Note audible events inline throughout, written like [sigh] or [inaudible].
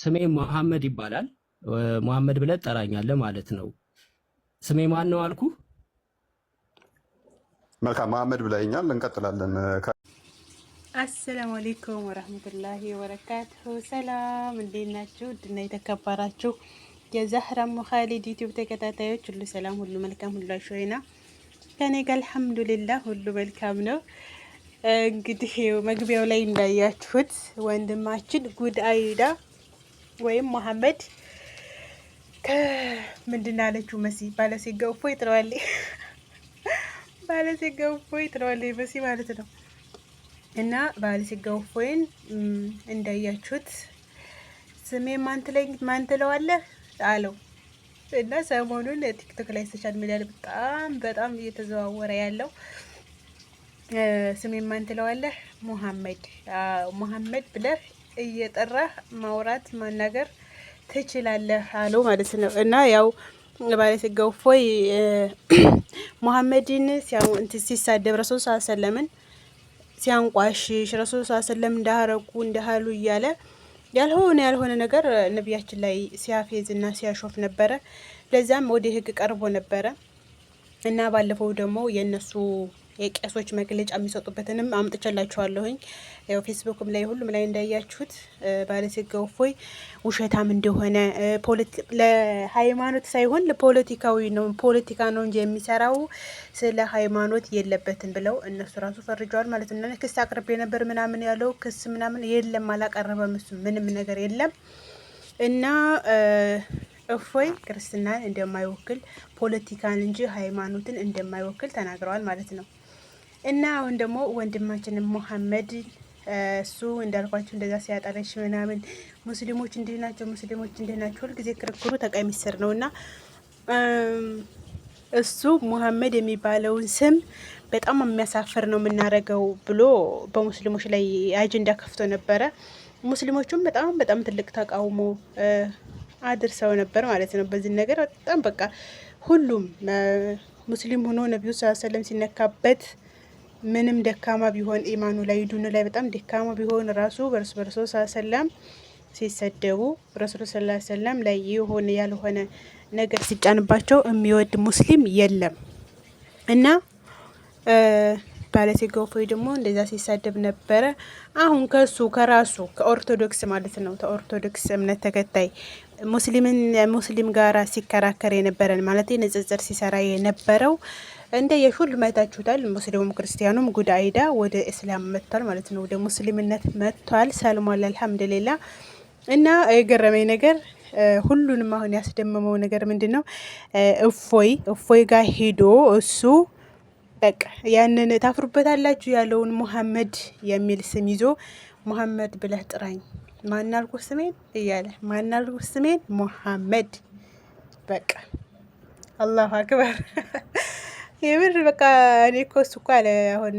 ስሜ መሐመድ ይባላል። መሐመድ ብለህ ትጠራኛለህ ማለት ነው። ስሜ ማን ነው አልኩ? መልካም መሐመድ ብለኛል። እንቀጥላለን። አሰላሙ አሌይኩም ወረህመቱላሂ ወበረካቱሁ። ሰላም እንዴት ናችሁ? ድና የተከበራችሁ የዛህራ ሙካሊድ ዩቲዩብ ተከታታዮች ሁሉ ሰላም፣ ሁሉ መልካም፣ ሁሉ አሸይና ከኔ ጋር አልሐምዱሊላህ ሁሉ መልካም ነው። እንግዲህ መግቢያው ላይ እንዳያችሁት ወንድማችን ጉድ አይዳ ወይም መሀመድ ከምንድን አለችው መሲ ባለሴጋው እፎይ ትለዋለች። [laughs] ባለሴጋው እፎይ ትለዋለች መሲ ማለት ነው። እና ባለሴጋው እፎይን እንዳያችሁት ስሜ ማን ትለዋለህ አለው። እና ሰሞኑን ቲክቶክ ላይ ሶሻል ሚዲያ በጣም በጣም እየተዘዋወረ ያለው ስሜ ማን ትለዋለህ ሙሀመድ ሙሀመድ ብለህ እየጠራህ ማውራት ማናገር ትችላለህ አሉ ማለት ነው። እና ያው ባለስጋው ፎይ ሙሐመድን ሲያው ሲሳደብ ረሱል ሰለምን ሲያንቋሽሽ ረሱል ሰለም እንዳረጉ እንዳሉ እያለ ያልሆነ ያልሆነ ነገር ነቢያችን ላይ ሲያፌዝና ሲያሾፍ ነበረ። ለዛም ወደ ህግ ቀርቦ ነበረ እና ባለፈው ደግሞ የእነሱ የቄሶች መግለጫ የሚሰጡበትንም አምጥቼላችኋለሁኝ። ያው ፌስቡክም ላይ ሁሉም ላይ እንዳያችሁት ባለስጋው እፎይ ውሸታም እንደሆነ ለሃይማኖት ሳይሆን ለፖለቲካዊ ነው ፖለቲካ ነው እንጂ የሚሰራው ስለ ሃይማኖት የለበትም ብለው እነሱ ራሱ ፈርጀዋል ማለት ነው። ክስ አቅርቤ ነበር ምናምን ያለው ክስ ምናምን የለም አላቀረበም፣ እሱ ምንም ነገር የለም እና እፎይ ክርስትናን እንደማይወክል ፖለቲካን እንጂ ሃይማኖትን እንደማይወክል ተናግረዋል ማለት ነው። እና አሁን ደግሞ ወንድማችን ሙሐመድ እሱ እንዳልኳቸው እንደዛ ሲያጠረሽ ምናምን ሙስሊሞች እንዲህ ናቸው፣ ሙስሊሞች እንዲህ ናቸው። ሁልጊዜ ክርክሩ ተቀሚ ስር ነው እና እሱ ሙሐመድ የሚባለውን ስም በጣም የሚያሳፍር ነው የምናደርገው ብሎ በሙስሊሞች ላይ አጀንዳ ከፍቶ ነበረ። ሙስሊሞቹም በጣም በጣም ትልቅ ተቃውሞ አድርሰው ነበር ማለት ነው። በዚህ ነገር በጣም በቃ ሁሉም ሙስሊም ሆኖ ነቢዩ ሰለም ሲነካበት ምንም ደካማ ቢሆን ኢማኑ ላይ ዱኑ ላይ በጣም ደካማ ቢሆን ራሱ በርስ በርሶ ሰለም ሲሰደቡ ረሱሉ ስላ ሰለም ላይ የሆነ ያልሆነ ነገር ሲጫንባቸው የሚወድ ሙስሊም የለም እና ባለቴጋፎይ ደግሞ እንደዛ ሲሳደብ ነበረ። አሁን ከሱ ከራሱ ከኦርቶዶክስ ማለት ነው ከኦርቶዶክስ እምነት ተከታይ ሙስሊምን ሙስሊም ጋራ ሲከራከር የነበረን ማለት ንጽጽር ሲሰራ የነበረው እንደ የሁሉም አይታችሁታል። ሙስሊሙም ክርስቲያኑም ጉድ አይዳ ወደ እስላም መጥቷል ማለት ነው። ወደ ሙስሊምነት መጥቷል። ሰልሟል። አልሐምዱሊላ እና የገረመኝ ነገር ሁሉንም አሁን ያስደመመው ነገር ምንድን ነው? እፎይ እፎይ ጋር ሄዶ እሱ በቃ ያንን ታፍሩበታላችሁ ያለውን ሙሐመድ የሚል ስም ይዞ ሙሐመድ ብለህ ጥራኝ ማናልኩ ስሜን እያለ ማናልኩ ስሜን ሙሐመድ በቃ አላሁ አክበር [laughs] የምር በቃ እኔ እኮ እሱ እኮ አለ አሁን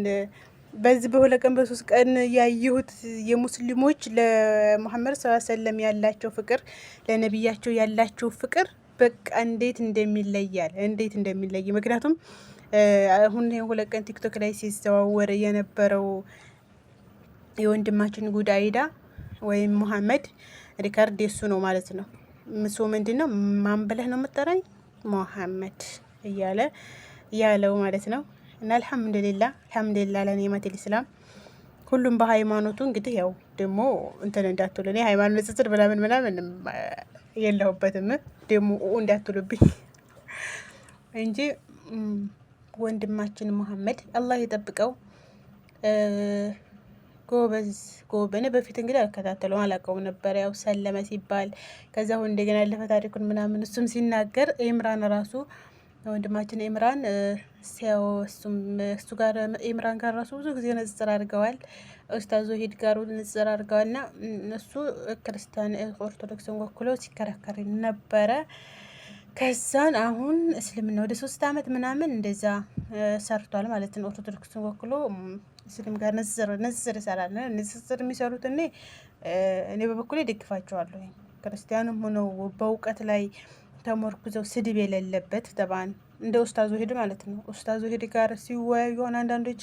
በዚህ በሁለት ቀን በሶስት ቀን ያየሁት የሙስሊሞች ለሙሐመድ ስ ሰለም ያላቸው ፍቅር፣ ለነቢያቸው ያላቸው ፍቅር በቃ እንዴት እንደሚለያል እንዴት እንደሚለይ ምክንያቱም አሁን ሁለት ቀን ቲክቶክ ላይ ሲዘዋወር የነበረው የወንድማችን ጉዳይዳ ወይም ሙሐመድ ሪካርድ የሱ ነው ማለት ነው። ምስ ምንድን ነው ማን ብለህ ነው የምጠራኝ ሙሐመድ እያለ ያለው ማለት ነው። እና አልሐምዱሊላ አልሐምዱሊላ ለኒዕመት ልስላም ሁሉም በሃይማኖቱ እንግዲህ ያው ደግሞ እንትን እንዳትሉ እኔ ሃይማኖት ንጽጽር ምናምን ምናምን የለሁበትም ደግሞ እንዳትሉብኝ [laughs] እንጂ ወንድማችን መሐመድ አላህ ይጠብቀው። ጎበዝ ጎበዝ። እኔ በፊት እንግዲህ አልከታተለው አላውቀውም ነበር። ያው ሰለመ ሲባል ከዛ አሁን እንደገና ያለፈ ታሪኩን ምናምን እሱም ሲናገር ኤምራን ራሱ ወንድማችን ኤምራን ሲያው እሱም እሱ ጋር ኤምራን ጋር ራሱ ብዙ ጊዜ ንጽጽር አድርገዋል። ኡስታዝ ሂድ ጋር ንጽጽር አድርገዋል። ና እሱ ክርስቲያን ኦርቶዶክስን ወክሎ ሲከራከር ነበረ። ከዛን አሁን እስልምና ወደ ሶስት አመት ምናምን እንደዛ ሰርቷል ማለት ነው። ኦርቶዶክስን ወክሎ እስልም ጋር ንጽጽር ይሰራል። ንጽጽር የሚሰሩት እኔ እኔ በበኩሌ ደግፋቸዋለሁ። ክርስቲያንም ሆነው በእውቀት ላይ ተሞርኩዘው ስድብ የሌለበት ተባን እንደ ኡስታዝ ወሂድ ማለት ነው። ኡስታዝ ወሂድ ጋር ሲወያዩ የሆነ አንዳንዶች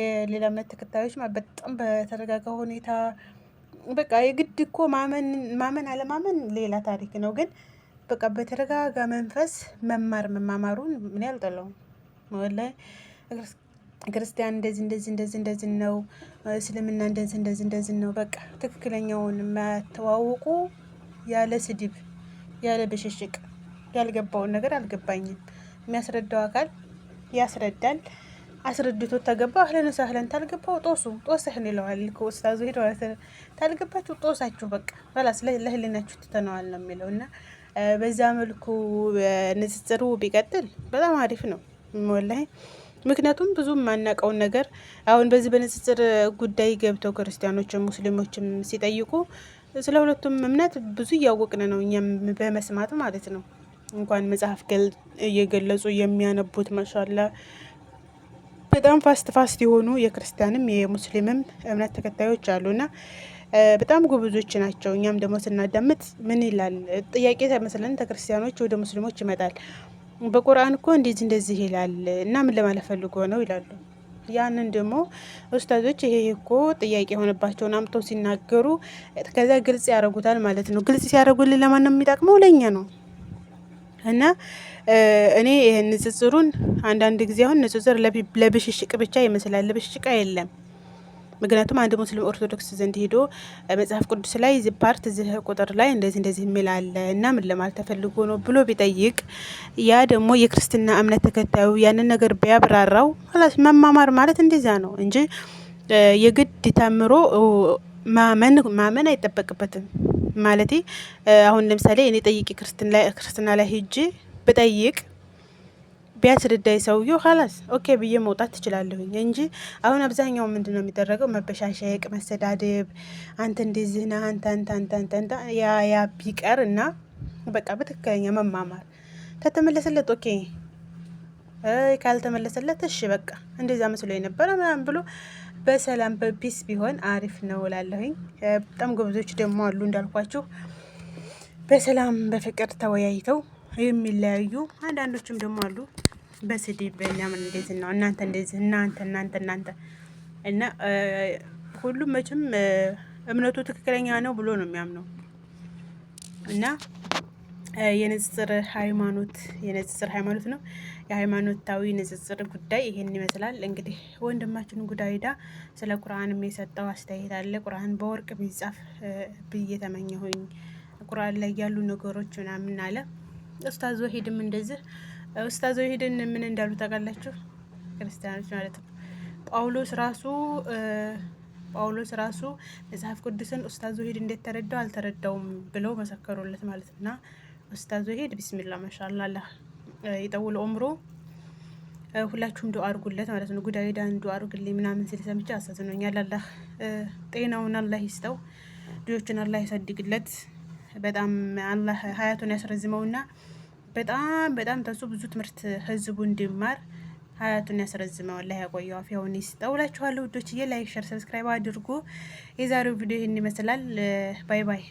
የሌላ እምነት ተከታዮች በጣም በተረጋጋ ሁኔታ በቃ የግድ እኮ ማመን አለማመን ሌላ ታሪክ ነው። ግን በቃ በተረጋጋ መንፈስ መማር መማማሩን ምን ያልጠለው ወላሂ ክርስቲያን እንደዚህ እንደዚህ እንደዚህ እንደዚህ ነው፣ እስልምና እንደዚህ እንደዚህ እንደዚህ ነው። በቃ ትክክለኛውን ማተዋወቁ ያለ ስድብ ያለ ብሽሽቅ ያልገባውን ነገር አልገባኝም። የሚያስረዳው አካል ያስረዳል። አስረድቶ ተገባ አህለን ሳህለን፣ ታልገባው ጦሱ ጦስህን ይለዋል። ኡስታዙ ሄደ ታልገባችሁ ጦሳችሁ በቃ በላስ ለህልናችሁ ትተነዋል ነው የሚለው እና በዛ መልኩ ንጽጽሩ ቢቀጥል በጣም አሪፍ ነው ወላሂ። ምክንያቱም ብዙ የማናውቀውን ነገር አሁን በዚህ በንጽጽር ጉዳይ ገብተው ክርስቲያኖችም ሙስሊሞችም ሲጠይቁ ስለ ሁለቱም እምነት ብዙ እያወቅን ነው እኛም በመስማት ማለት ነው። እንኳን መጽሐፍ እየገለጹ የሚያነቡት ማሻላ በጣም ፋስት ፋስት የሆኑ የክርስቲያንም የሙስሊምም እምነት ተከታዮች አሉና በጣም ጉብዞች ናቸው። እኛም ደግሞ ስናዳምጥ ምን ይላል ጥያቄ ተመስለን ከክርስቲያኖች ወደ ሙስሊሞች ይመጣል። በቁርአን እኮ እንደዚህ እንደዚህ ይላል እና ምን ለማለት ፈልጎ ነው ይላሉ። ያንን ደግሞ ኡስታዞች ይሄ እኮ ጥያቄ የሆነባቸውን አምተው ሲናገሩ ከዛ ግልጽ ያደረጉታል ማለት ነው። ግልጽ ሲያደረጉልን ለማን ነው የሚጠቅመው? ለኛ ነው። እና እኔ ይህን ንጽጽሩን አንዳንድ ጊዜ አሁን ንጽጽር ለብሽሽቅ ብቻ ይመስላል። ለብሽሽቅ የለም ምክንያቱም አንድ ሙስሊም ኦርቶዶክስ ዘንድ ሄዶ መጽሐፍ ቅዱስ ላይ ዚ ፓርት ዚህ ቁጥር ላይ እንደዚህ እንደዚህ የሚል አለ እና ምን ለማለት ተፈልጎ ነው ብሎ ቢጠይቅ ያ ደግሞ የክርስትና እምነት ተከታዩ ያንን ነገር ቢያብራራው ላስ መማማር ማለት እንደዛ ነው እንጂ የግድ ታምሮ ማመን ማመን አይጠበቅበትም። ማለት አሁን ለምሳሌ እኔ ጠይቄ ክርስትና ላይ ሄጄ ብጠይቅ ቢያስረዳኝ ሰውዬው ሀላስ ኦኬ ብዬ መውጣት ትችላለሁኝ እንጂ አሁን አብዛኛው ምንድን ነው የሚደረገው? መበሻሸቅ፣ መሰዳደብ አንተ እንደዚህ ነህ አንተ አንተ አንተ አንተ ያ ያ ቢቀር እና በቃ በትክክለኛ መማማር ተተመለሰለት ኦኬ ካልተመለሰለት እሺ በቃ እንደዛ መስሎ የነበረ ምናምን ብሎ በሰላም በፒስ ቢሆን አሪፍ ነው እላለሁኝ። በጣም ጎበዞች ደግሞ አሉ እንዳልኳችሁ በሰላም በፍቅር ተወያይተው የሚለያዩ አንዳንዶችም ደግሞ አሉ በስድብ በእኛ እንዴት ነው እናንተ እንደዚህ እናንተ እናንተ እናንተ እና ሁሉም መቼም እምነቱ ትክክለኛ ነው ብሎ ነው የሚያምነው እና የንጽጽር ሃይማኖት የንጽጽር ሃይማኖት ነው። የሃይማኖታዊ ንጽጽር ጉዳይ ይሄን ይመስላል። እንግዲህ ወንድማችን ጉዳይዳ ስለ ቁርአንም የሰጠው አስተያየት አለ። ቁርአን በወርቅ ቢጻፍ ብዬ ተመኘሁኝ ቁርአን ላይ ያሉ ነገሮች ምናምን አለ። ኡስታዝ ወሂድም እንደዚህ ኡስታዞ ሄደን ምን እንዳሉ ታውቃላችሁ? ክርስቲያኖች ማለት ነው። ጳውሎስ ራሱ ጳውሎስ ራሱ መጽሐፍ ቅዱስን ኡስታዞ ሄድ እንዴት ተረዳው አልተረዳውም ብለው መሰከሩለት ማለት ነውና ኡስታዞ ሄድ ቢስሚላ ማሻአላ ይጠውል ኦምሮ ሁላችሁም ዱአ አድርጉለት ማለት ነው። ጉዳይ ዳን ዱአ አድርግልኝ ምናምን ሲል ሰምቼ አሳዝኖኛል። አላህ ጤናውን አላህ ይስጠው፣ ልጆችን አላህ ያሳድግለት። በጣም አላህ ሀያቱን ያስረዝመውና በጣም በጣም ተሱ ብዙ ትምህርት ህዝቡ እንዲማር ሀያቱን ያስረዝመዋል። ላይ ያቆየው አፍያውን ይስጠው እላችኋለሁ። ውዶችዬ ላይክ፣ ሸር፣ ሰብስክራይብ አድርጉ። የዛሬው ቪዲዮ ይህን ይመስላል። ባይ ባይ።